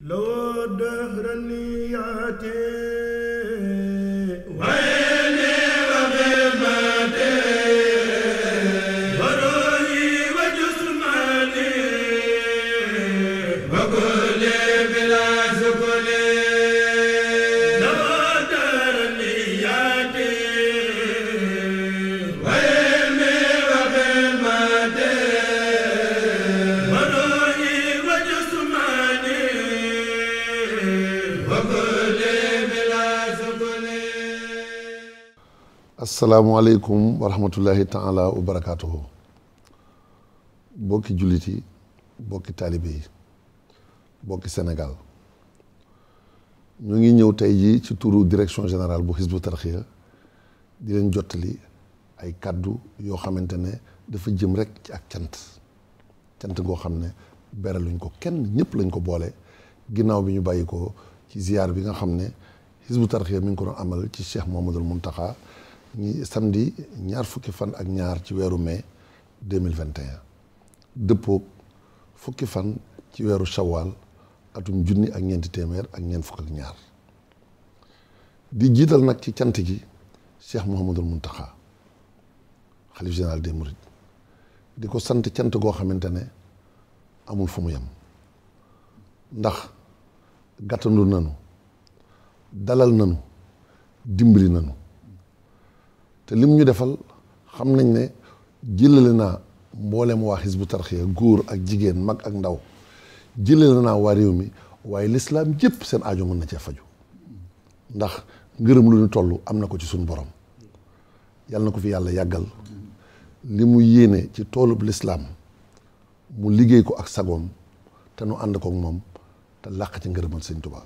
لو دهر النياتين asalaamualeykum wa rahmatullahi taala wa barakaatuhu bokki jullit yi bokki taalibe yi bokki Sénégal ñu ngi ñëw tey jii ci turu direction général bu Hizbut Tarqiyyah di leen jottali ay kàddu yoo xamante ne dafa jëm rek ci ak cant cant goo xam ne beraluñ ko kenn ñëpp lañ ko boole ginnaaw bi ñu bàyyi ko ci ziar bi nga xam ne Hizbut Tarqiyyah mi ngi ko doon amal ci Cheikh Mouhamadoul Mountakha ñi samedi ñaar fukki fan ak ñaar ci weeru mai deux mille vingt et un fukki fan ci weeru shawaal atum junni ak ñeenti téeméer ak ñeent fukk ak ñaar di jiital nag ci cant gi Cheikh Mouhamadul Mountakha xalif général des Mourides di ko sant cant goo xamante ne amul fu mu yem ndax gàttandu nanu dalal nanu dimbali nanu te lim ñu defal xam nañ ne jëlale naa mboolem waa xisbu tarxiya góor ak jigéen mag ak ndaw jëlale naa waa réew mi waaye lislaam jëpp seen aajo mën na cee faju ndax ngërëm lu ñu toll am na ko ci suñu borom yàlla na ko fi yàlla yàggal li mu yéene ci toolub lislaam mu liggéey ko ak sagoom te nu ànd kook moom te làq ci ngërëmal sëñ tubaa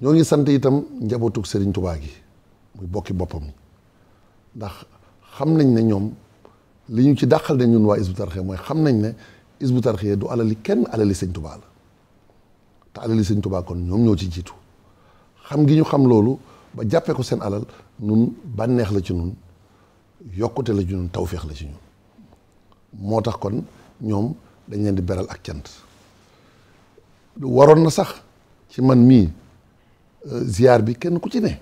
ñoo ngi sant itam njabootug sëriñ tubaa gi muy bokki boppam ndax xam nañ ne ñoom li ñu ci dàqal ne ñun waa Hizbut Tarqiyyah mooy xam nañ ne Hizbut Tarqiyyah du alali kenn alali sëñ Tuubaa la te alali sëñ Tuubaa kon ñoom ñoo ci jiitu xam ngi ñu xam loolu ba jàppee ko seen alal nun bànneex la ci nun yokkute la ci ñun tawféex la ci ñun moo tax kon ñoom dañ leen di beral ak cant waroon na sax ci man mii euh, ziar bi kenn ku ci ne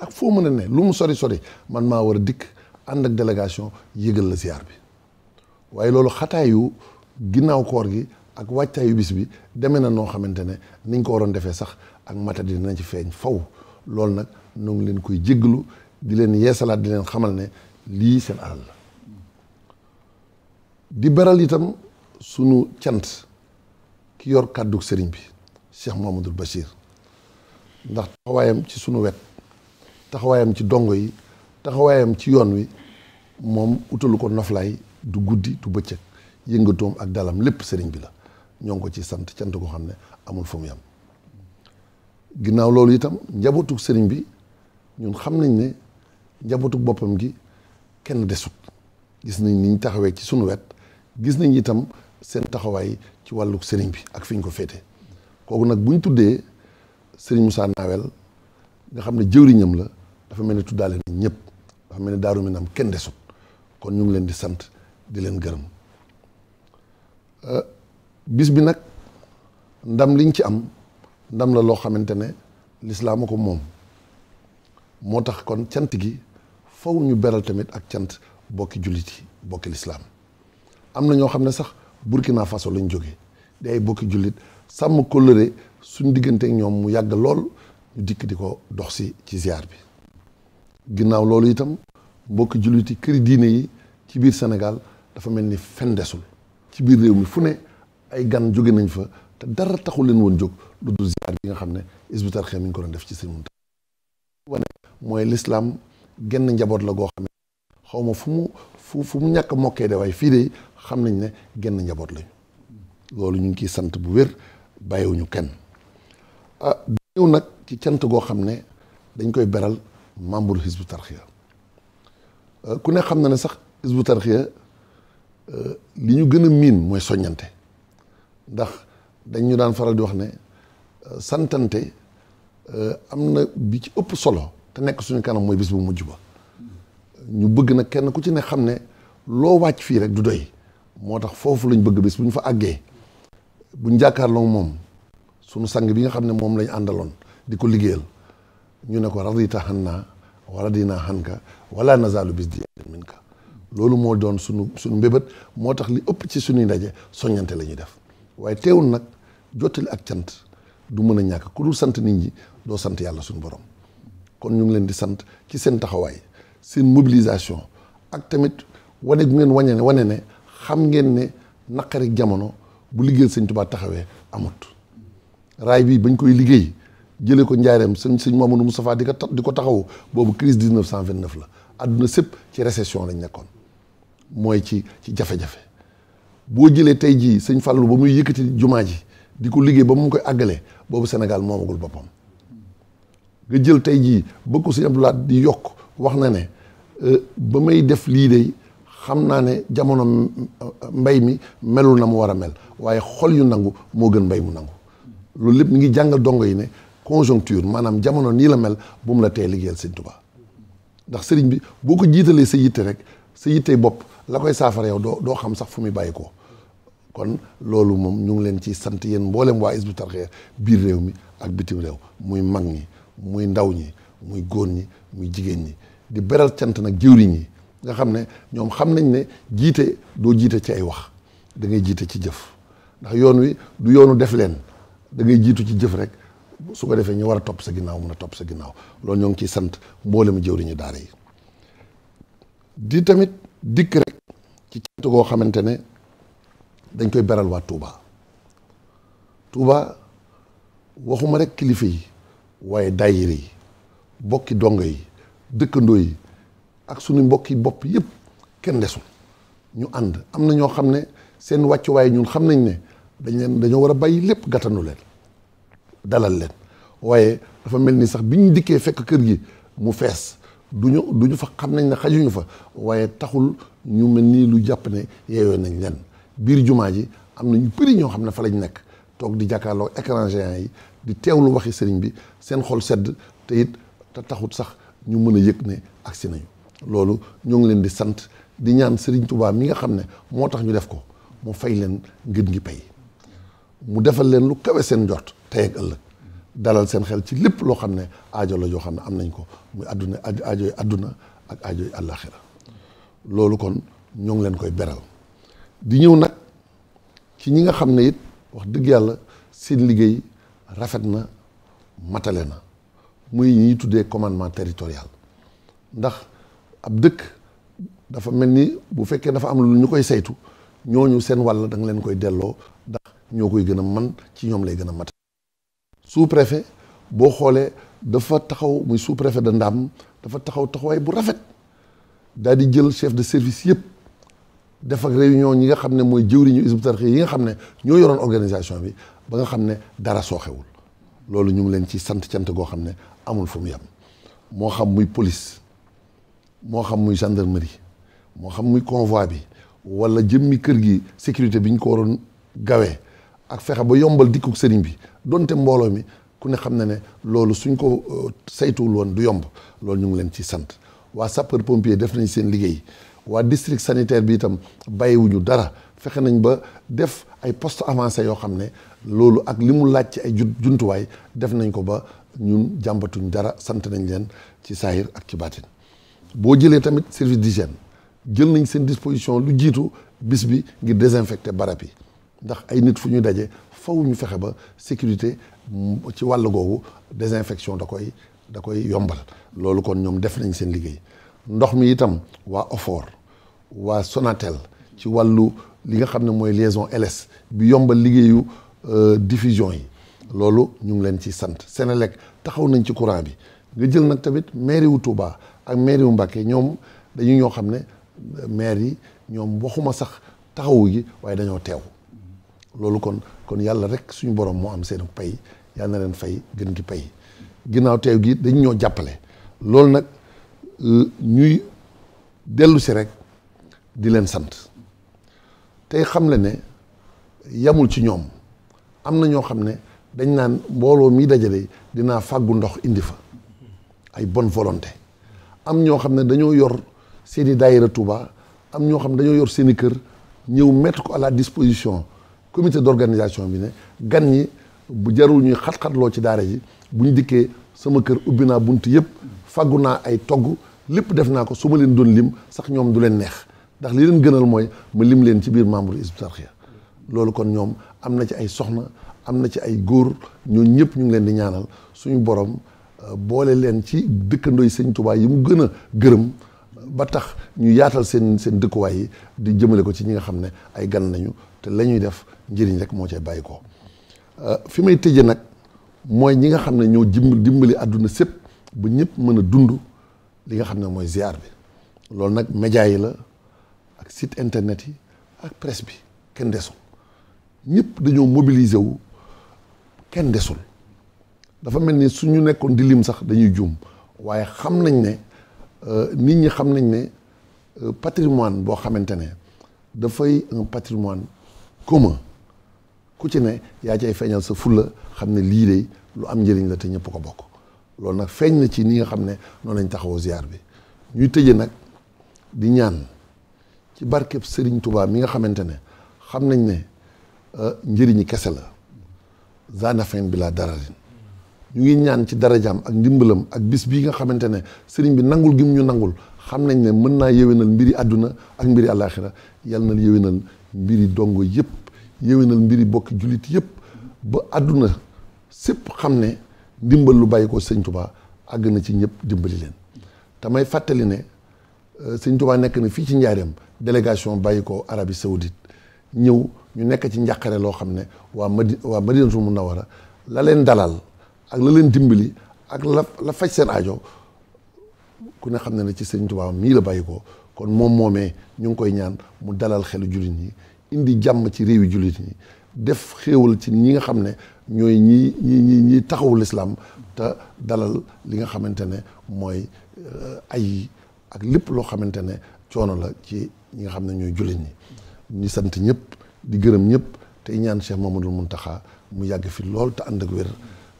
ak foo mën a ne lu mu sori sori man maa war a dikk ànd ak délégation yëgal la ziar bi waaye loolu xataayu ginnaaw koor gi ak wàccaayu bis bi demee na noo xamante ne ni niñ ko waroon defee sax ak matadi dina ci feeñ faw loolu nag nu leen koy jéggalu di leen yeesalaat di leen xamal ne lii seen alal la di baral itam sunu cant ki yor kàddu sëriñ bi Cheikh Mouhamadoul Bachir ndax taxawaayam ci sunu wet taxawaayam ci dongo yi taxawaayam ci yoon wi moom utalu ko noflaay du guddi du bëccëg yëngatoom ak dalam lépp sëriñ bi la ñoo ngi ko ci sant cant ko xam ne amul fu mu yam ginnaaw loolu itam njabootu sëriñ bi ñun xam nañ ne njabootu boppam gi kenn desut gis nañ niñ taxawee ci sunu wet gis nañ itam seen taxawaay ci wàllu sëriñ bi ak fi ñu ko féete kooku nag bu ñu tuddee sëriñ Moussa Nawel nga xam ne jëwriñam la dafa mel ni tuddaale na ñëpp dafa mel ni daaru mi nam kenn desut kon ñu leen di sant di leen gërëm euh, bis bi nag ndam liñ ci am ndam la loo xamante ne lislaama ko moom moo tax kon cant gi faw ñu beral tamit ak cant bokki jullit yi bokki lislaam am na ñoo xam ne sax Burkina Faso lañ jóge di ay bokki jullit sàmm kóllëre suñ diggante ñoom mu yàgg lool ñu dikk di ko dox si ci ziar bi ginnaaw loolu itam mbokk julliti këri diine yi ci biir Sénégal dafa mel ni fen ci biir réew mi fu ne ay gan jóge nañ fa te dara taxul leen woon jóg lu dul ziar bi nga xam ne Hizbut Tarqiyyah mi ko doon def ci seen munta mooy lislaam genn njaboot la goo xam ne xaw ma fu mu fu fu mu ñàkk mokkee de waaye fii de xam nañ ne genn njaboot lañu loolu ñu ngi ciy sant bu wér bàyyiwuñu kenn ah ñëw nag ci cant goo xam ne dañ koy beral membre Hizbu Tarxiya euh, ku ne xam na ne sax Hizbu Tarxiya euh, li ñu gën a miin mooy soññante ndax dañ ñu daan faral di wax ne euh, santante am na bi ci ëpp solo te nekk suñu kanam mooy bis bu mujj ba ñu bëgg na kenn ku ci ne xam ne loo wàcc fii rek du doy moo tax foofu lañ bëgg bis bu ñu fa àggee buñ jàkkaarloo moom sunu sang bi nga xam ne moom lañ àndaloon di ko liggéeyal ñu ne ko radita hanna wa radina hanka wala nazalu bis di minka loolu moo doon sunu sunu mbébét moo tax li ëpp ci sunuy ndaje soññante la ñuy def waaye teewul nag jottali ak cant du mën a ñàkk ku dul sant nit ñi doo sant yàlla suñu borom kon ñu ngi leen di sant ci seen taxawaay seen mobilisation ak tamit wane gu ngeen wañe ne wane ne xam ngeen ne naqari jamono bu liggéeyal sëñ Tuubaa taxawee amut raay bi bañ koy liggéey jëlee ko njaareem sëñ sëñ Mamadou Moustapha di ko di ko taxawu boobu crise 1929 la àdduna sëpp ci récession lañ nekkoon mooy ci ci jafe-jafe boo jëlee tey jii sëñ Fallou ba muy yëkkati jumaa ji di ko liggéey ba mu koy àggalee boobu Sénégal moomagul boppam nga jël tey jii bëgg ko sëñ Abdou Lahad di yokk wax na ne euh, ba may def lii de xam naa ne jamono mbay mi melul na mu war a mel waaye xol yu nangu moo gën mbay mu nangu loolu lépp mi ngi jàngal dongo yi ne conjoncture maanaam jamono nii la mel bu mu la tee liggéeyal sëñ Tuubaa ndax sëriñ bi boo ko jiitalee sa yitte rek sa yitte bopp la koy saafara yow doo doo xam sax fu muy bàyyi ko kon loolu moom ñu ngi leen ci sant yéen mboolem waa Hizbut Tarqiyyah biir réew mi ak bitim réew muy mag ñi muy ndaw ñi muy góor ñi muy jigéen ñi di beral cant nag jëwriñ ñi nga xam ne ñoom xam nañ ne jiite doo jiite ci ay wax da ngay jiite ci jëf ndax yoon wi du yoonu def leen da ngay jiitu ci jëf rek su ko defee ñu war a topp sa ginnaaw mun a topp sa ginnaaw loolu ñoo ngi ciy sant mboolem jëwriñu daara yi di tamit dikk rek ci cant goo xamante ne dañ koy beral waa Touba Touba waxuma rek kilifa yi waaye daayira yi bokki dongo yi dëkkandoo yi ak suñu mbokki bopp yëpp kenn desul ñu ànd am na ñoo xam ne seen wàccuwaay ñun xam nañ ne dañ leen dañoo war a bàyyi lépp gàttanu leen dalal leen waaye dafa mel ni sax bi ñu dikkee fekk kër gi mu fees du ñu du ñu fa xam nañ ne xajuñu fa waaye taxul ñu mel nii lu jàpp ne yeeyoo nañ leen biir jumaa ji am na ñu bëri ñoo xam ne fa lañ nekk toog di jàkkaarloo écran yi di teew teewlu waxi sëriñ bi seen xol sedd te it te taxut sax ñu mën a yëg ne agsi nañu loolu ñoo ngi leen di sant di ñaan sëriñ tubaab mi nga xam ne moo tax ñu def ko mu fay leen ngën ngi pay mu defal leen lu kawe seen njort tey ak ëllëg dalal seen xel ci lépp loo xam ne aajo la joo xam ne am nañ ko muy àdduna adduna aajoy àdduna ak aajoy àllaaxira loolu kon ñoo ngi leen koy beral di ñëw nag ci ñi nga xam ne it wax dëgg yàlla seen liggéey rafet na matale na muy ñii tuddee commandement territorial ndax ab dëkk dafa mel ni bu fekkee dafa am lu ñu koy saytu ñooñu seen wàll da leen koy delloo ndax ñoo koy gën a man ci ñoom lay gën a mat sous préfet boo xoolee dafa taxaw muy sous préfet de Ndam dafa taxaw taxawaay bu rafet daal di jël chef de service yëpp def ak réunion ñi nga xam ne mooy jëwriñu Hizbut Tarqiyyah yi nga xam ne ñoo yoroon organisation bi ba nga xam ne dara sooxewul loolu ñu ngi leen ci sant cante goo xam ne amul fu mu yem moo xam muy police moo xam muy gendarmerie moo xam muy convoi bi wala jëmmi kër gi sécurité bi ñu ko gawee ak fexe ba yombal dikkuk sëriñ bi donte mbooloo mi ku ne xam na ne loolu suñ ko euh, saytuwul woon du yomb loolu ñu ngi leen ci sant waa sapeur pompier def nañ seen liggéey waa district sanitaire bi itam bàyyiwuñu dara fexe nañ ba def ay post avancé yoo xam ne loolu ak li mu laaj ci ay juntuwaay def nañ ko ba ñun jàmbatuñ dara sant nañ leen ci saahir ak ci baatin boo jëlee tamit service di d'hygiène jël nañ seen disposition lu jiitu bis bi ngir désinfecter barab yi ndax ay nit fu ñuy daje faw ñu fexe ba sécurité ci wàll googu desinfection da koy da koy yombal loolu kon ñoom def nañ seen liggéey ndox mi itam waa Ofor waa Sonatel ci wàllu li nga xam ne mooy liaison LS bi yombal liggéeyu euh, diffusion yi loolu ñu ngi leen ci sant Senelec taxaw nañ ci courant bi nga jël nag tamit mairie wu Touba ak mairie wu Mbacké ñoom dañu ñoo xam ne euh, maire yi ñoom waxuma sax taxawu gi waaye dañoo teew loolu kon kon yàlla rek suñu borom moo am seen pay yàlla na leen fay gën gi pay ginnaaw teew gi dañ ñoo jàppale loolu nag ñuy dellu si rek di leen sant tey xam le ne yamul ci ñoom am na ñoo xam ne dañ naan mbooloo mii dajalee dinaa fàggu ndox indi fa ay bonne volonté am ñoo xam ne dañoo yor seeni daayira Touba am ñoo xam ne dañoo yor seeni kër ñëw mettre ko à la disposition comité d'organisation bi ne gan ñi bu jarul ñuy xat-xatloo ci daara yi bu ñu dikkee sama kër ubbi naa bunt yëpp faggu naa ay togg lépp def naa ko su ma leen doon lim sax ñoom du leen neex ndax li leen gënal mooy ma lim leen ci biir membre Hizbut Tarqiyyah loolu kon ñoom am na ci ay soxna am na ci ay góor ñoo ñëpp ñu ngi leen di ñaanal suñu borom euh, boole leen ci dëkkandoo yi sëñ Tuubaa yi mu gën a gërëm ba tax ñu yaatal seen seen dëkkuwaay yi di jëmale ko ci ñi nga xam ne ay gan nañu te la ñuy def njëriñ rek moo cay bàyyi ko euh, fi may tëjee nag mooy ñi nga xam ne ñoo dimbali dimbali àdduna sépp bu ñëpp mën a dund li nga xam ne mooy ziar bi loolu nag média yi la ak site internet yi ak presse bi kenn desul ñëpp dañoo mobiliser wu kenn desul dafa mel ni suñu nekkoon di lim sax dañuy juum waaye xam nañ ne euh, nit ñi xam nañ ne euh, patrimoine boo xamante ne dafay un patrimoine commun ku ci ne yaa cay feeñal sa fulla xam ne lii de lu am njëriñ la te ñëpp ko bokk loolu nag feeñ na ci ni nga xam ne noonu lañ taxawoo ziar bi ñuy tëje nag di ñaan ci barkeb sëriñ tubaab mi nga xamante ne xam nañ ne euh, njëriñi kese la zanafin bi laa dararin ñu ngi ñaan ci darajaam ak ndimbalam ak bis bii nga xamante ne sëriñ bi nangul gim ñu nangul xam nañ ne mën naa yéwénal mbiri àdduna ak mbiri àllaaxira yal na yéwénal mbiri dongo yépp yéwénal mbiri bokki jullit yëpp ba àdduna sépp xam ne ndimbal lu bàyyi ko sëñ Touba àgg na ci ñëpp dimbali leen te may fàttali ne euh, sëñ Touba nekk na fii ci njaareem délégation bàyyi ko arabi Saoudite ñëw ñu nekk ci njàqare loo xam ne waa Madi waa Madinatul Munawara la leen dalal ak la leen dimbali ak la la faj seen aajo ku ne xam ne ne ci sëñ Touba mii la bàyyi ko kon moom moomee ñu ngi koy ñaan mu dalal xelu jullit ñi indi jàmm ci réew yi jullit ñi def xéewal ci ñi nga xam ne ñooy ñi ñi ñi taxawu lislaam te dalal li nga xamante ne mooy euh, ay ak lépp loo xamante ne coono la ci ñi nga xam ne ñooy jullit ñi ñu sant ñëpp di gërëm ñëpp tey ñaan Cheikh mun Mountakha mu yàgg fi lool te ànd ak wér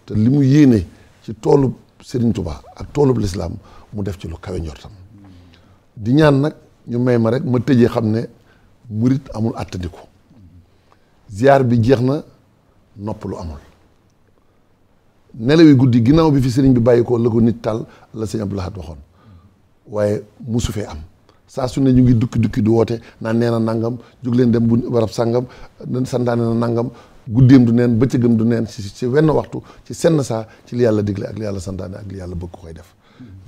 te li mu yéene ci toolub Serigne Touba ak toolub lislaam mu def ci lu kawe njortam di ñaan nag ñu may ma rek ma tëjee xam ne murit amul àttandiku ziar bi jeex na nopp lu amul nelawi guddi ginnaaw bi fi sëriñ bi bàyyi ko la ko nit tal la sëñ Abdou Lahad waxoon waaye musu fee am saa su ne ñu ngi dukki dukki du woote nee na nangam jóg leen dem bu warab sàngam santaane na nangam guddeem du neen bëccëgam du neen ci si wenn waxtu ci senn saa ci li yàlla digle ak li yàlla santaane ak li yàlla bëgg koy def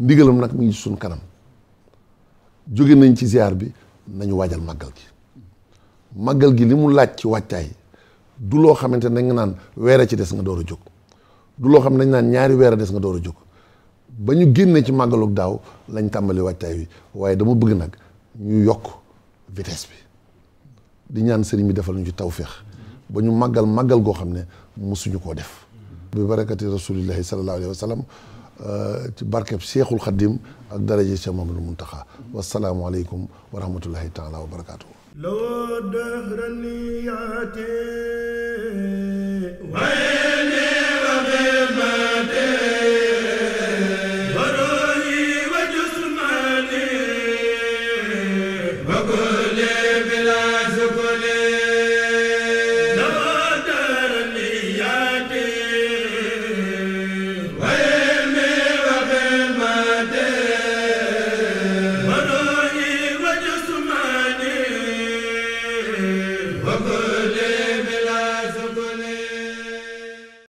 ndigalam nag mu ngi suñ kanam jóge nañ ci ziar bi nañu waajal màggal gi màggal gi li mu laaj ci wàccaay du loo xamante ne nga naan weer a ci des nga door a jóg du loo xam ne dañ naan ñaari weer a des nga door a jóg ba ñu génnee ci màggalug daaw lañ tàmbali wàccaay wi waaye dama bëgg nag ñu yokk vitesse bi di ñaan sëriñ bi defal ñu ci tawféex ba ñu màggal màggal goo xam ne mësuñu koo def bi barakati rasulillahi sallallahu alayhi wa sallam euh, ci barkeb Seexul Xaddim ak daraje Cheikh Mamadou mun taxaa wa rahmatullahi taala wa barakaatu. لو دهرني ياتي